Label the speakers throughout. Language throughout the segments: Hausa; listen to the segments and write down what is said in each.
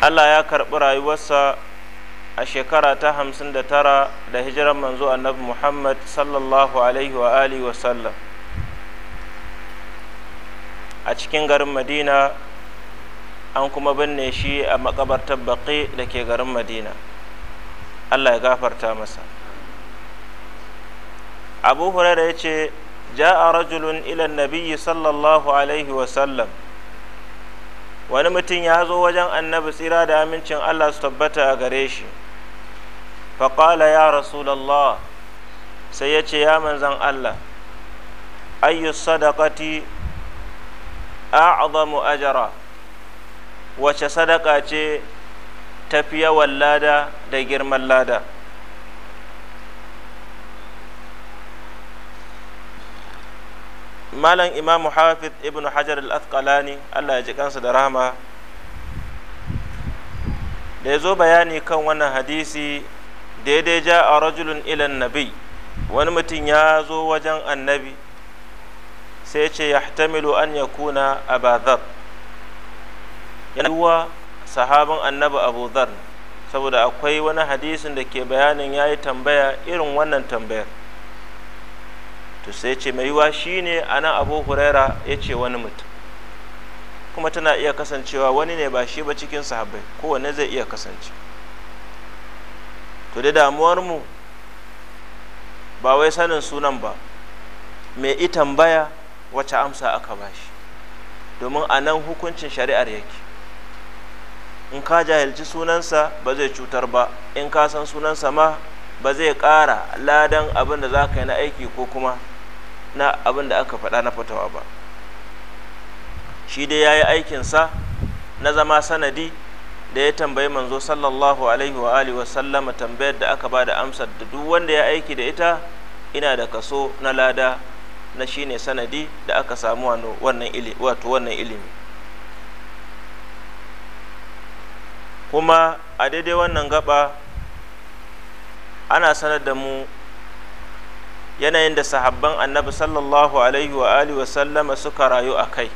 Speaker 1: allah ya karɓi rayuwarsa a shekara ta hamsin da tara da hijiran manzo annabi muhammad sallallahu alaihi wa alihi a cikin garin madina an kuma binne shi a makabartar baƙi da ke garin madina allah ya gafarta masa abu huraira ya ce ja'a rajulun ilan nabiyyi sallallahu alaihi sallam. wani mutum ya zo wajen annabi tsira da amincin Allah su tabbata a gare shi faƙala ya rasulallah sai ya ce ya manzan Allah ayyu sadaqati a'zamu ajara wace sadaka ce tafi yawan lada da girman lada malam imam hafiz ibn hajar al-athqalani Allah ya ji kansa da rahama da ya zo bayani kan wannan hadisi daidai ja a rajulun ilan nabi wani mutum ya zo wajen annabi sai ce ya an ya kuna abadhar yana yiwuwa sahabin annabi abu saboda akwai wani hadisin da ke bayanin ya yi tambaya irin wannan tambayar to sai ce mai yiwa shine anan abu huraira ya ce wani mutum kuma tana iya kasancewa wani ne ba shi ba cikin sahabbai kowane zai iya kasance to da damuwar mu ba wai sanin sunan ba mai i tambaya wacce amsa aka ba shi domin a nan hukuncin shari'ar yake in ka jahilci sunansa ba zai cutar ba in ka san sunansa ma ba zai ƙara ladan abin da za ka yi na aiki ko kuma na abin da aka faɗa na fatawa ba shi dai ya yi aikinsa na zama sanadi da ya tambayi manzo sallallahu alaihi wa alihi wasallama tambayar da aka ba da amsar da duk wanda ya aiki da ita ina da kaso na lada na shine sanadi da aka samu wannan ilimi wato wannan ilimi kuma a daidai wannan gaba ana sanar da mu yanayin da sahabban annabi sallallahu alaihi wa alihi sallama suka rayu a kai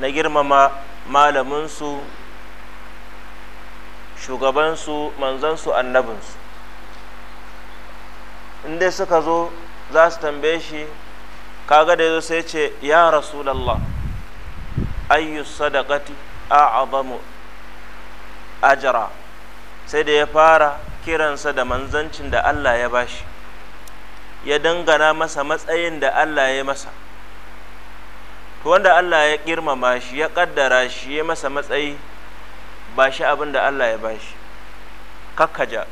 Speaker 1: na girmama malaminsu shugabansu manzansu annabinsu inda suka zo za su tambaye shi kaga da yazo sai ce ya rasulallah ayyu sadaqati a'zamu ajra sai da ya fara kiransa da manzancin da Allah ya bashi ya dangana masa matsayin da Allah ya masa to wanda Allah ya girmama shi ya kaddara shi ya masa matsayi ba shi abin da Allah ya bashi kakkaja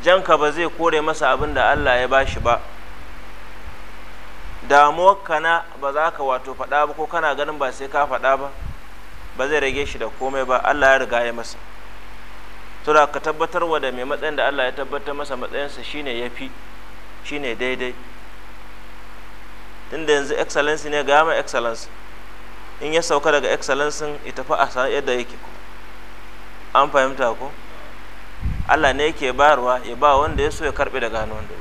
Speaker 1: janka ba zai kore masa abin da Allah ya bashi ba damuwarka na ba za ka wato faɗa ba ko kana ganin ba sai ka faɗa ba ba zai rage shi da komai ba Allah ya riga ya masa to da ka tabbatar wa da mai matsayin da Allah ya tabbatar masa matsayinsa shine ya fi shine daidai tunda yanzu excellence ne ga excellence in ya sauka daga excellence ya tafi a san yadda yake ku an fahimta ko Allah ne yake bayarwa ya ba wanda ya so ya karbe daga hannun wanda ya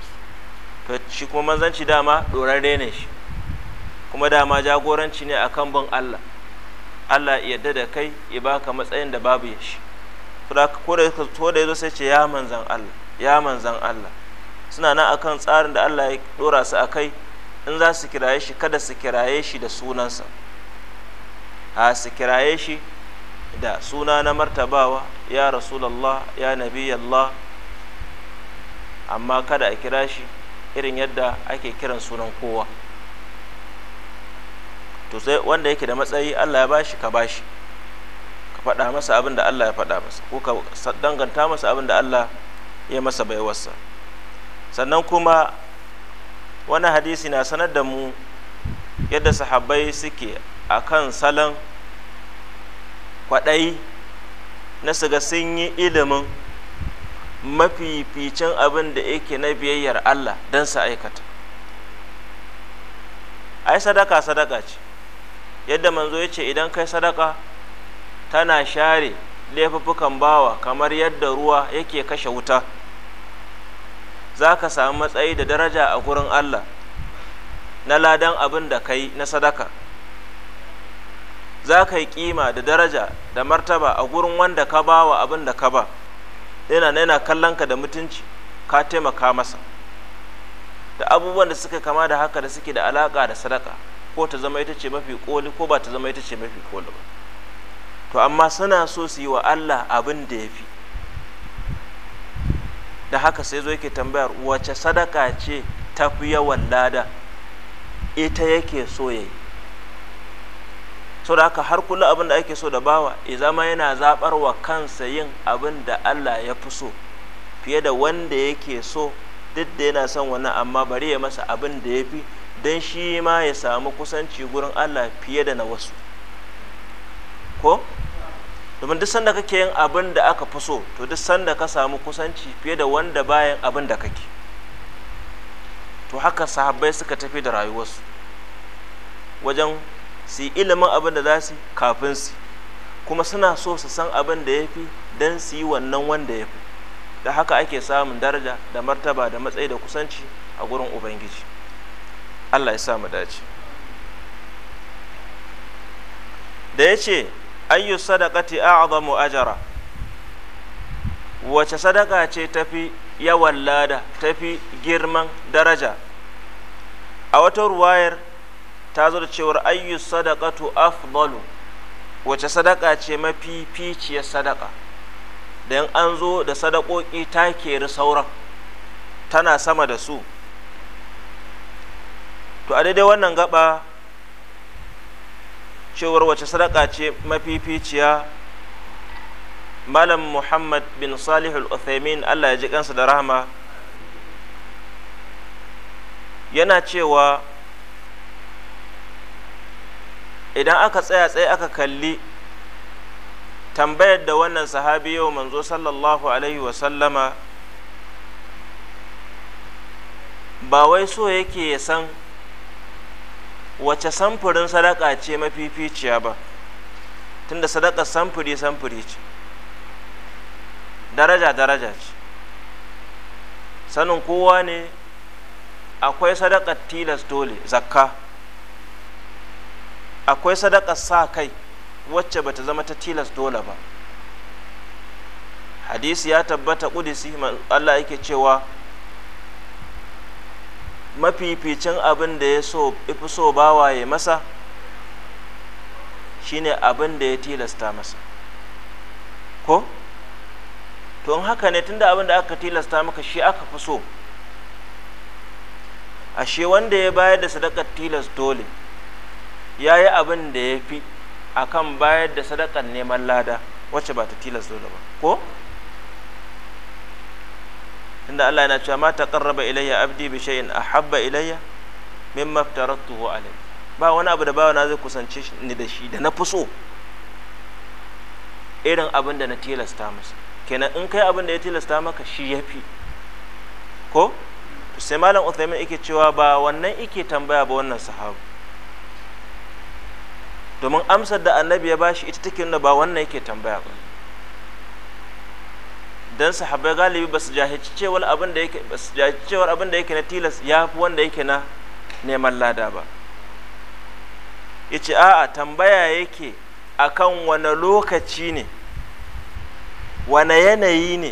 Speaker 1: so to shi kuma manzanci dama dorarre ne shi kuma dama jagoranci ne akan bin Allah Allah ya yarda da kai ya baka matsayin da babu ya shi to da ko da yazo sai ce ya manzan Allah ya manzan Allah suna nan akan tsarin da Allah ya dora su a kai in za su kiraye shi kada su kiraye shi da sunansa a su kiraye shi da suna na martabawa ya rasulallah ya nabiyallah amma kada a kira shi irin yadda ake kiran sunan kowa to sai wanda yake da matsayi Allah ya bashi ka bashi ka faɗa masa abin da Allah ya faɗa masa ko ka danganta masa abin da Allah ya masa baiwarsa sannan kuma wani hadisi na sanar da mu yadda sahabbai suke a kan salon kwaɗayi na siga sun yi ilimin mafificin abin da yake na biyayyar Allah don su aikata ai sadaka sadaka ce yadda manzo ya ce idan kai sadaka tana share laifuffukan bawa kamar yadda ruwa yake kashe wuta za ka samu matsayi da daraja a gurin Allah na ladan abin da kai na sadaka za ka yi kima da daraja da martaba a gurin wanda ka ba wa abin da ka ba yana yana ka da mutunci ka taimaka masa da abubuwan da suka kama da haka da suke da alaka da sadaka ko ta zama ita ce mafi koli ko ba ta zama ita ce mafi koli ba to amma suna so su yi wa Allah abin da ya fi da haka sai zo yake tambayar wace sadaka ce ta fi yawan lada ita yake so yayi sau da haka har kula abin da ake so da bawa ya zama yana zabar wa kansa yin abin da Allah ya fi so fiye da wanda yake so duk da yana son wannan amma bari ya masa abin da ya fi don shi ma ya samu kusanci gurin Allah fiye da na wasu ko domin duk sanda kake yin abin da aka fi so to duk sanda ka samu kusanci fiye da wanda bayan abin da kake to haka sahabbai suka tafi da rayuwarsu wajen su yi ilimin abin da za su kafin su kuma suna so su san abin da ya fi don su yi wannan wanda ya fi da haka ake samun daraja da martaba da matsayi da kusanci a gurin ubangiji allah ya sa mu dace da ya ce ayyu sadaqati a'zamu ajara wace sadaka ce tafi yawan lada tafi girman daraja a wata ruwayar ta zo da cewar ayyu sadaqatu afdalu wace sadaka ce mafi ficiyar sadaka da an zo da sadakoki ta keri sauran tana sama da su to a daidai wannan gaba cewar wace sadaka ce mafificiya malam muhammad bin salihul uthaymin allah ya ji kansa da rahama yana cewa idan aka tsaya tsaye aka kalli tambayar da wannan sahabi yau manzo sallallahu alaihi wasallama ba wai so yake ya san wace samfurin sadaka ce mafificiya ba tunda sadaka samfuri samfuri ce daraja daraja ce sanin kowa ne akwai sadaka tilas dole zakka akwai sadaka sa kai wacce bata zama ta tilas dole ba hadisi ya tabbata kudisi Allah yake cewa mafificin abin da ya so ifi so ya masa shine abin da ya tilasta masa ko to in haka ne tunda abin da aka tilasta maka shi aka fi so ashe wanda ya bayar da sadakar tilas dole ya yi abin da ya fi akan bayar da sadakar neman lada wacce ba ta tilas dole ba ko tunda Allah yana cewa ma taqarraba ilayya abdi bi shay'in ahabba ilayya mimma aftaratuhu alayhi ba wani abu da bawa na zai kusance ni da shi da na fuso irin abin da na tilasta masa kenan in kai abin da ya tilasta maka shi yafi ko sai malam Uthaymin yake cewa ba wannan yake tambaya ba wannan sahabu domin amsar da annabi ya bashi ita take nuna ba wannan yake tambaya ba dan sahabbai galibi ba su jahilci cewar abin da yake ba jahilci cewar abin da yake na tilas ya fi wanda yake na neman lada ba yace a'a tambaya yake akan wane lokaci ne wane yanayi ne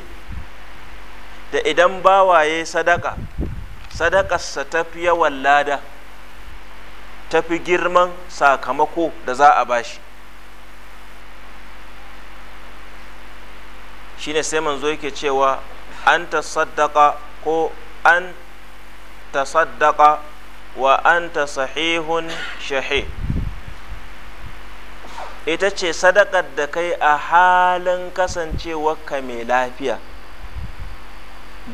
Speaker 1: da idan waye sadaka sadakarsa ta fi yawan lada ta fi girman sakamako da za a bashi shine sai manzo yake cewa an tasaddaqa ko an tasaddaqa wa anta sahihun shahi ita ce sadakar da kai a halin kasancewarka mai lafiya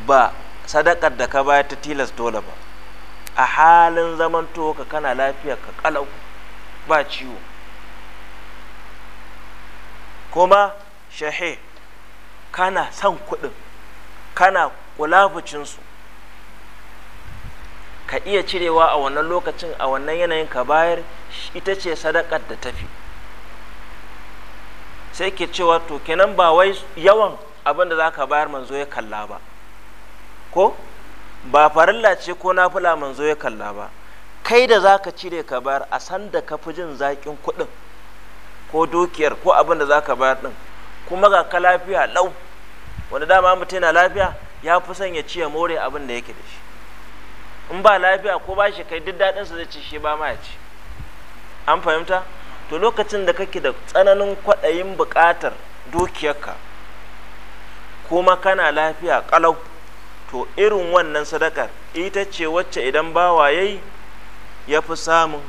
Speaker 1: ba sadakar da ka baya ta tilas dole ba a halin zaman toka kana lafiya ka kalau ba ciwo kuma shahih kana son kuɗin kana kulafucinsu ka iya cirewa a wannan lokacin a wannan yanayin ka bayar ita ce sadakar da tafi sai ke cewa to kenan ba wai yawan abin da za ka bayar manzo ya kalla ba ko ba farilla ce ko fula manzo ya kalla ba kai da za ka cire ka bayar a san da ka fi jin zaƙin kuɗin ko dukiyar ko abin da za ka bayar ɗin kuma ga ka lafiya lau wanda dama mutu yana lafiya ya fi son ya ci ya more abin da yake da shi in ba lafiya ko ba shi kai duk daɗin su zai ci shi ba ma ya ci an fahimta to lokacin da kake da tsananin kwaɗayin buƙatar dukiyarka kuma kana lafiya ƙalau to irin wannan sadakar ita ce wacce idan bawa ya yi ya fi samun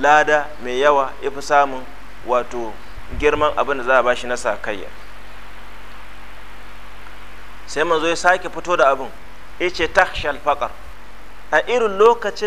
Speaker 1: lada mai yawa ya fi samun wato girman abin da za a ba shi na sa sakayya sai manzo ya sake fito da abin ya ce takshal fakar a irin lokacin